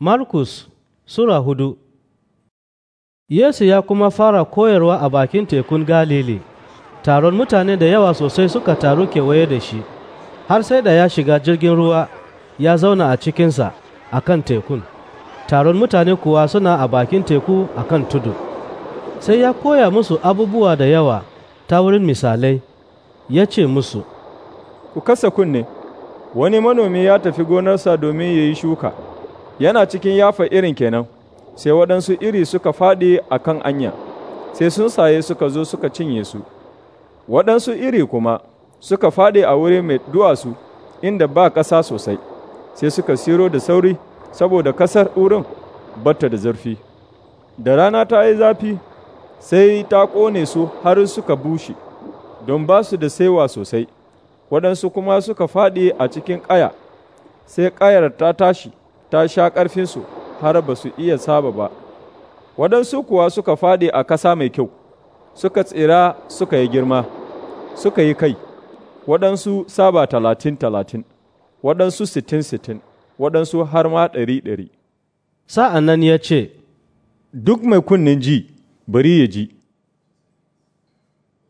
Markus Sura hudu Yesu ya kuma fara koyarwa a bakin tekun Galili, taron mutane da yawa sosai suka taru kewaye da shi, har sai da ya shiga jirgin ruwa ya zauna a cikinsa a kan tekun, taron mutane kuwa suna a bakin teku a kan tudu. Sai ya koya musu abubuwa da yawa ta wurin misalai, ya ce musu, Ku kasa kunne, wani manomi ya tafi gonarsa domin ya yi shuka. yana cikin yafa irin kenan sai waɗansu iri suka faɗi a kan anya sai sun saye suka zo suka cinye su waɗansu iri kuma suka faɗi a wuri mai duwatsu inda ba ƙasa sosai sai suka siro da sauri saboda ƙasar wurin batta da zurfi da rana ta yi zafi sai ta ƙone su har suka bushe don ba su da saiwa sosai waɗansu kuma suka faɗi a cikin ƙaya sai ƙayar ta tashi ta sha ƙarfinsu har ba su iya saba ba, waɗansu kuwa suka faɗi a ƙasa mai kyau, suka tsira suka yi girma, suka yi kai, waɗansu saba talatin-talatin, waɗansu sittin-sittin, waɗansu har ma ɗari-ɗari. Sa'an nan ya ce, Duk mai kunnen ji, bari ya ji.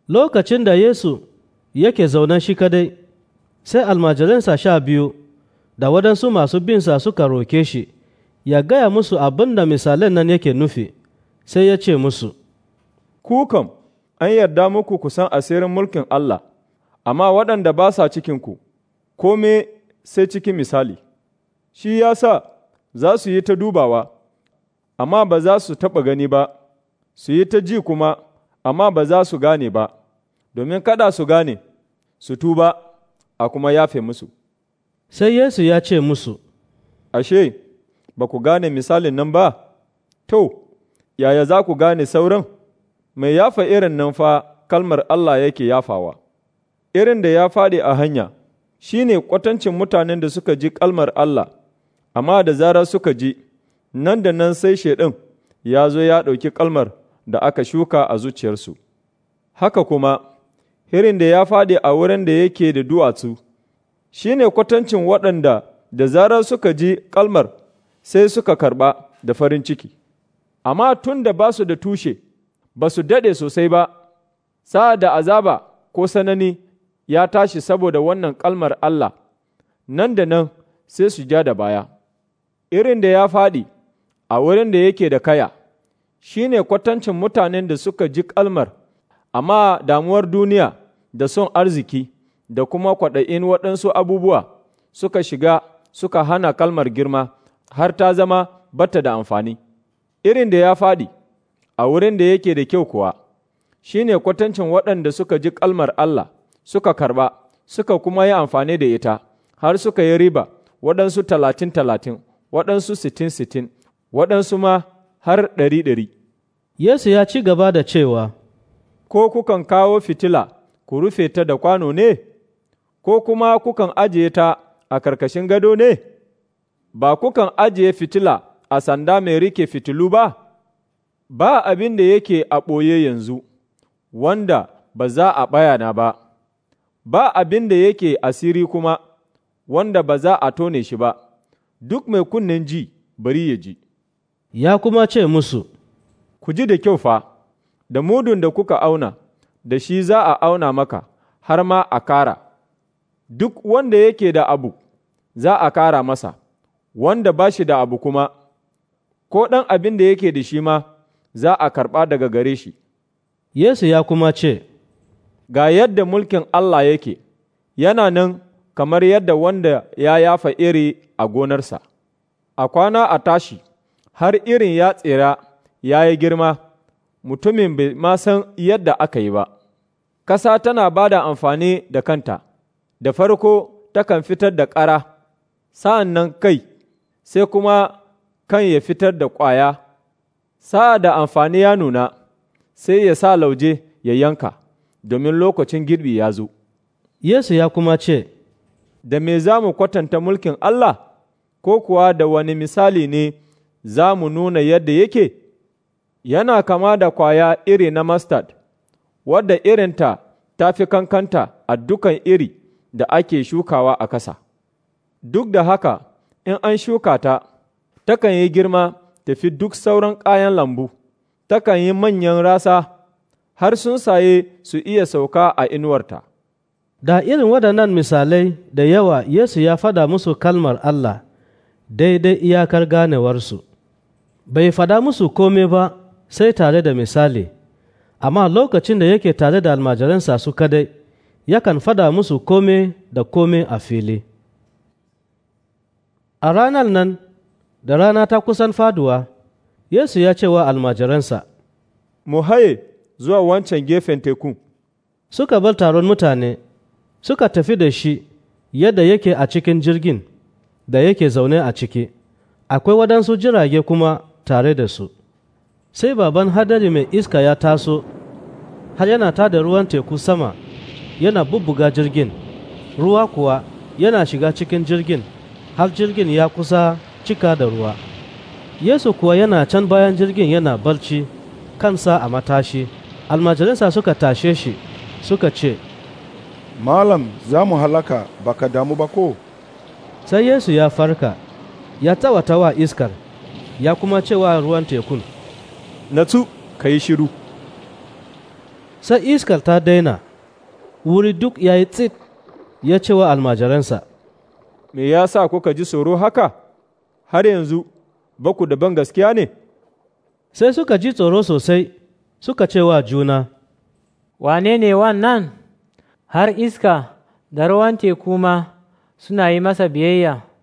Lokacin da Yesu yake zaune shi kadai, sai almajiransa sha biyu da waɗansu masu bin sa suka roke shi ya gaya musu abin da misalan nan yake nufi sai ya ce musu ku kam an yarda muku kusan asirin mulkin Allah amma waɗanda ba sa ku kome sai cikin misali shi ya sa za su yi ta dubawa amma ba za su taɓa gani ba su yi ta ji kuma amma ba za su gane ba domin kada su gane su tuba a kuma yafe musu. Sai Yesu ya ce musu, Ashe, ba ku gane misalin nan ba, to, yaya za ku gane sauran? Mai yafa irin nan fa kalmar Allah yake yafawa, irin da ya faɗi a hanya, shi ne kwatancin mutanen da suka ji kalmar Allah, amma da zara suka ji, nan da nan sai shaɗin ya zo ya ɗauki kalmar da aka shuka a zuciyarsu. Haka kuma, irin da ya faɗi a wurin da yake da duwatsu. shi ne kwatancin waɗanda da zarar suka ji kalmar sai suka karɓa da farin ciki, amma tun da ba su da tushe, ba su daɗe sosai ba, sa'ad da azaba ko sanani ya tashi saboda wannan kalmar Allah, nan da nan sai su ja da baya. Irin da ya faɗi a wurin da yake da kaya, shi ne kwatancin mutanen da suka ji kalmar, amma damuwar duniya da son arziki da kuma kwaɗa'in waɗansu abubuwa suka shiga suka hana kalmar girma har ta zama bata da amfani. Irin da ya faɗi a wurin da yake da kyau kuwa, shi ne kwatancin waɗanda suka ji kalmar Allah suka karɓa suka kuma yi amfani da ita har suka yi riba waɗansu talatin talatin, waɗansu sitin sitin waɗansu ma har ɗari ɗari. Yesu ya ci gaba da cewa, Ko kukan kawo fitila ku rufe ta da kwano ne? ko kuma kukan ajiye ta a karkashin gado ne, ba kukan ajiye fitila a sanda mai rike fitilu ba, ba abin da yake a ɓoye yanzu, wanda ba za a bayana ba, ba abin da yake asiri kuma, wanda ba za a tone shi ba, duk mai kunnen ji bari ya ji. Ya kuma ce musu, Ku ji da kyau fa, da mudun da kuka auna, da shi za a auna maka, har ma a kara. duk wanda yake da abu za a kara masa, wanda ba shi da abu kuma, ko ɗan abin da yake da shi ma za a karɓa daga gare shi. Yesu ya kuma ce, Ga yadda mulkin Allah yake, yana nan kamar yadda wanda ya yafa iri a gonarsa, a kwana a tashi, har irin ya tsira ya yi girma, mutumin bai ma san yadda aka yi ba. Ƙasa tana bada amfani da kanta. da farko takan fitar da ƙara, sa'an nan kai, sai kuma kan ya fitar da ƙwaya, sa'a da amfani ya nuna, sai ya sa lauje ya yanka, domin lokacin girbi ya zo. Yesu ya kuma ce, Da me za mu kwatanta mulkin Allah, ko kuwa da wani misali ne za mu nuna yadda yake? Yana kama da ƙwaya iri na mustard, wadda irinta ta fi kankanta a dukan iri. da ake shukawa a ƙasa. Duk da haka, in an shuka ta, takan yi girma tafi duk sauran kayan lambu, takan yi manyan rasa har sun saye su iya sauka a inuwarta. Da irin waɗannan misalai da yawa Yesu ya fada musu kalmar Allah daidai iyakar ganewarsu. Bai fada musu kome ba sai tare da misali, amma lokacin da yake tare da almajiransa su kadai. yakan fada musu kome da kome a fili. A ranar nan, da rana ta kusan faduwa, Yesu ya ce wa almajiransa, Mu haye zuwa wancan gefen teku Suka bar taron mutane, suka tafi da shi yadda yake a cikin jirgin da yake zaune a ciki, akwai waɗansu jirage kuma tare da su. Sai baban hadari mai iska ya taso, har yana ta da ruwan teku sama. yana bubbuga jirgin ruwa kuwa yana shiga cikin jirgin har jirgin ya kusa cika da ruwa yesu kuwa yana can bayan jirgin yana barci kansa a matashi Almajirinsa suka tashe shi suka ce malam za mu halaka baka damu ba ko sai yesu ya farka ya tawata wa iskar ya kuma cewa ruwan tekun natsu ka yi shiru sai iskar ta daina wuri duk ya yi tsit ya ce wa almajiransa, Me ya sa kuka ji tsoro haka, har yanzu ba ku da gaskiya ne? Sai suka ji tsoro sosai suka ce wa juna, Wane ne wannan? Har iska da ruwan teku ma suna yi masa biyayya.